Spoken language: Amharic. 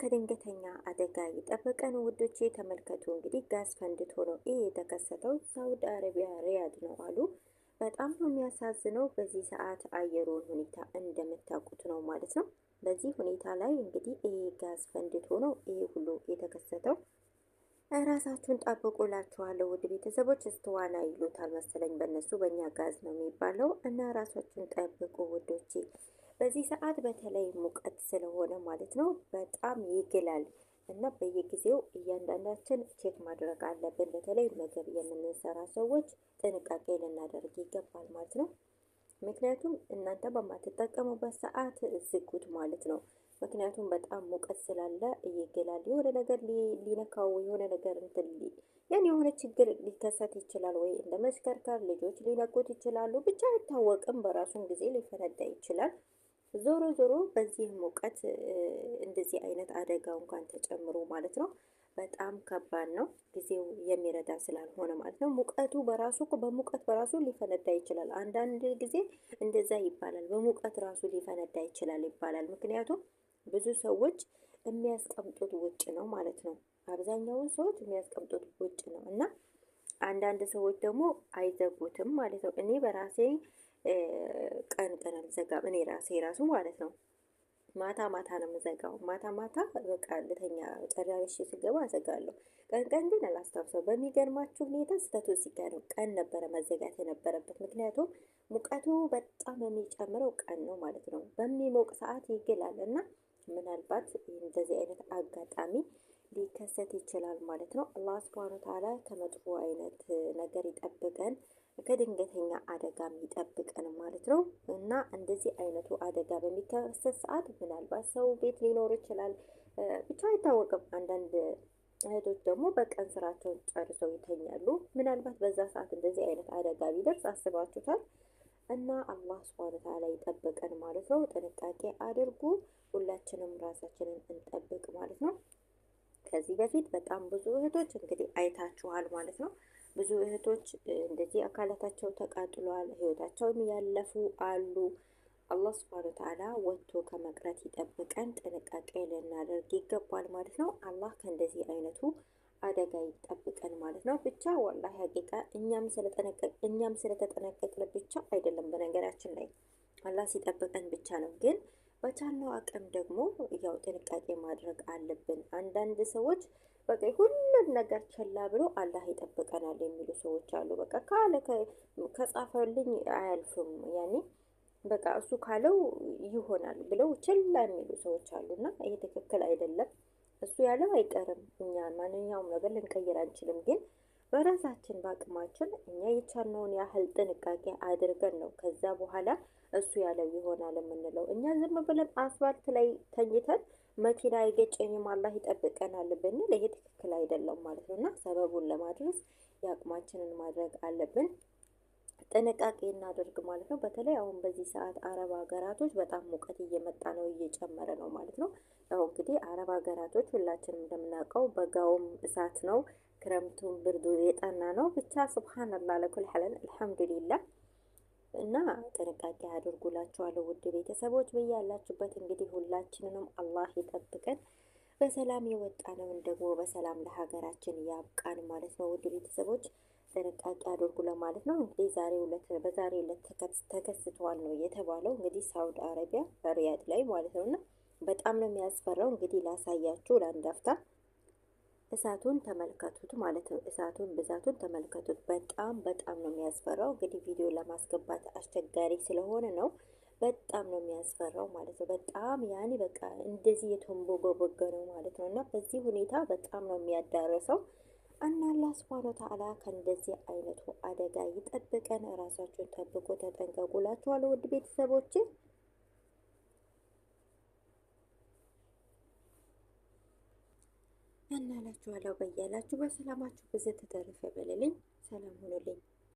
ከድንገተኛ አደጋ ይጠበቀን ውዶቼ ተመልከቱ። እንግዲህ ጋዝ ፈንድቶ ነው ይህ የተከሰተው ሳውዲ አረቢያ ሪያድ ነው አሉ። በጣም ነው የሚያሳዝነው። በዚህ ሰዓት አየሩን ሁኔታ እንደምታውቁት ነው ማለት ነው። በዚህ ሁኔታ ላይ እንግዲህ ይሄ ጋዝ ፈንድቶ ነው ይሄ ሁሉ የተከሰተው። ራሳችሁን ጠብቁ ላችኋለሁ ውድ ቤተሰቦች። እስተዋና ይሉታል መሰለኝ በእነሱ፣ በእኛ ጋዝ ነው የሚባለው እና ራሳችሁን ጠብቁ ውዶቼ። በዚህ ሰዓት በተለይ ሙቀት ስለሆነ ማለት ነው በጣም ይግላል እና በየጊዜው እያንዳንዳችን ቼክ ማድረግ አለብን። በተለይ ምግብ የምንሰራ ሰዎች ጥንቃቄ ልናደርግ ይገባል ማለት ነው። ምክንያቱም እናንተ በማትጠቀሙበት ሰዓት ዝጉት ማለት ነው። ምክንያቱም በጣም ሙቀት ስላለ ይግላል። የሆነ ነገር ሊነካው የሆነ ነገር እንትን ያን የሆነ ችግር ሊከሰት ይችላል፣ ወይ እንደ መሽከርከር ልጆች ሊነኩት ይችላሉ። ብቻ አይታወቅም። በራሱን ጊዜ ሊፈነዳ ይችላል። ዞሮ ዞሮ በዚህ ሙቀት እንደዚህ አይነት አደጋ እንኳን ተጨምሮ ማለት ነው በጣም ከባድ ነው። ጊዜው የሚረዳ ስላልሆነ ማለት ነው። ሙቀቱ በራሱ በሙቀት በራሱ ሊፈነዳ ይችላል። አንዳንድ ጊዜ እንደዛ ይባላል። በሙቀት ራሱ ሊፈነዳ ይችላል ይባላል። ምክንያቱም ብዙ ሰዎች የሚያስቀምጡት ውጭ ነው ማለት ነው። አብዛኛውን ሰዎች የሚያስቀምጡት ውጭ ነው እና አንዳንድ ሰዎች ደግሞ አይዘጉትም ማለት ነው። እኔ በራሴ ቀን ቀን አልዘጋም። እኔ ራሴ ራሱ ማለት ነው ማታ ማታ ነው የምዘጋው። ማታ ማታ በቃ ልተኛ ጨራርሼ ስገባ አዘጋለሁ። ቀን ቀን ግን አላስታውሰው። በሚገርማችሁ ሁኔታ ስተቱ እዚህ ጋር ነው። ቀን ነበረ መዘጋት የነበረበት ምክንያቱም ሙቀቱ በጣም የሚጨምረው ቀን ነው ማለት ነው። በሚሞቅ ሰዓት ይግላል እና ምናልባት እንደዚህ አይነት አጋጣሚ ሊከሰት ይችላል ማለት ነው። አላህ ስብሃነ ወተዓላ ከመጥፎ አይነት ነገር ይጠብቀን። ከድንገተኛ አደጋ የሚጠብቀን ማለት ነው። እና እንደዚህ አይነቱ አደጋ በሚከሰት ሰዓት ምናልባት ሰው ቤት ሊኖር ይችላል፣ ብቻ አይታወቅም። አንዳንድ እህቶች ደግሞ በቀን ስራቸውን ጨርሰው ይተኛሉ። ምናልባት በዛ ሰዓት እንደዚህ አይነት አደጋ ቢደርስ አስባችሁታል? እና አላህ ስብሃነ ተዓላ ይጠብቀን ማለት ነው። ጥንቃቄ አድርጉ። ሁላችንም ራሳችንን እንጠብቅ ማለት ነው። ከዚህ በፊት በጣም ብዙ እህቶች እንግዲህ አይታችኋል ማለት ነው። ብዙ እህቶች እንደዚህ አካላታቸው ተቃጥሏል፣ ህይወታቸውን ያለፉ አሉ። አላህ ስብሃነ ወተዓላ ወጥቶ ከመቅረት ይጠብቀን፣ ጥንቃቄ ልናደርግ ይገባል ማለት ነው። አላህ ከእንደዚህ አይነቱ አደጋ ይጠብቀን ማለት ነው። ብቻ ወላሂ ሀቂቃ እኛም ስለተጠነቀቅን ብቻ አይደለም። በነገራችን ላይ አላህ ሲጠብቀን ብቻ ነው ግን በቻልነው አቅም ደግሞ ያው ጥንቃቄ ማድረግ አለብን። አንዳንድ ሰዎች በቃ ሁሉን ነገር ቸላ ብሎ አላህ ይጠብቀናል የሚሉ ሰዎች አሉ። በቃ ካለ ከጻፈልኝ አያልፍም ያኔ በቃ እሱ ካለው ይሆናል ብለው ችላ የሚሉ ሰዎች አሉና ይሄ ትክክል አይደለም። እሱ ያለው አይቀርም። እኛ ማንኛውም ነገር ልንቀይር አንችልም ግን በራሳችን በአቅማችን እኛ የቻልነውን ያህል ጥንቃቄ አድርገን ነው ከዛ በኋላ እሱ ያለው ይሆናል የምንለው። እኛ ዝም ብለን አስፋልት ላይ ተኝተን መኪና አይገጨኝም አላህ ይጠብቀናል ብንል ይሄ ትክክል አይደለም ማለት ነው። እና ሰበቡን ለማድረስ የአቅማችንን ማድረግ አለብን። ጥንቃቄ እናደርግ ማለት ነው። በተለይ አሁን በዚህ ሰዓት አረብ ሀገራቶች በጣም ሙቀት እየመጣ ነው፣ እየጨመረ ነው ማለት ነው። ያው እንግዲህ አረብ ሀገራቶች ሁላችንም እንደምናውቀው በጋውም እሳት ነው ክረምቱን ብርዱ የጠና ነው። ብቻ ስብሓንላ ለኩል ሐለን አልሐምዱሊላ። እና ጥንቃቄ አድርጉላችኋለሁ ውድ ቤተሰቦች በያላችሁበት። እንግዲህ ሁላችንንም አላህ ይጠብቀን። በሰላም የወጣነውን ደግሞ በሰላም ለሀገራችን ያብቃን ማለት ነው። ውድ ቤተሰቦች ጥንቃቄ አድርጉ ለማለት ነው። እንግዲህ ዛሬ ሁለት በዛሬ ሁለት ተከስተዋል ነው የተባለው እንግዲህ ሳውዲ አረቢያ ሪያድ ላይ ማለት ነው። እና በጣም ነው የሚያስፈራው። እንግዲህ ላሳያችሁ ለአንድ አፍታ እሳቱን ተመልከቱት ማለት ነው። እሳቱን ብዛቱን ተመልከቱት። በጣም በጣም ነው የሚያስፈራው። እንግዲህ ቪዲዮ ለማስገባት አስቸጋሪ ስለሆነ ነው። በጣም ነው የሚያስፈራው ማለት ነው። በጣም ያኔ በቃ እንደዚህ የተንቦገቦገ ነው ማለት ነው። እና በዚህ ሁኔታ በጣም ነው የሚያዳረሰው እና አላህ ስብሐነ ወተዓላ ከእንደዚህ አይነቱ አደጋ ይጠብቀን። ራሳችሁን ጠብቁ፣ ተጠንቀቁ እላችኋለሁ ውድ ቤተሰቦችን ያናላችኋለሁ። በያላችሁ በሰላማችሁ ብዘት ተተረፈ በልልኝ። ሰላም ሁኑልኝ።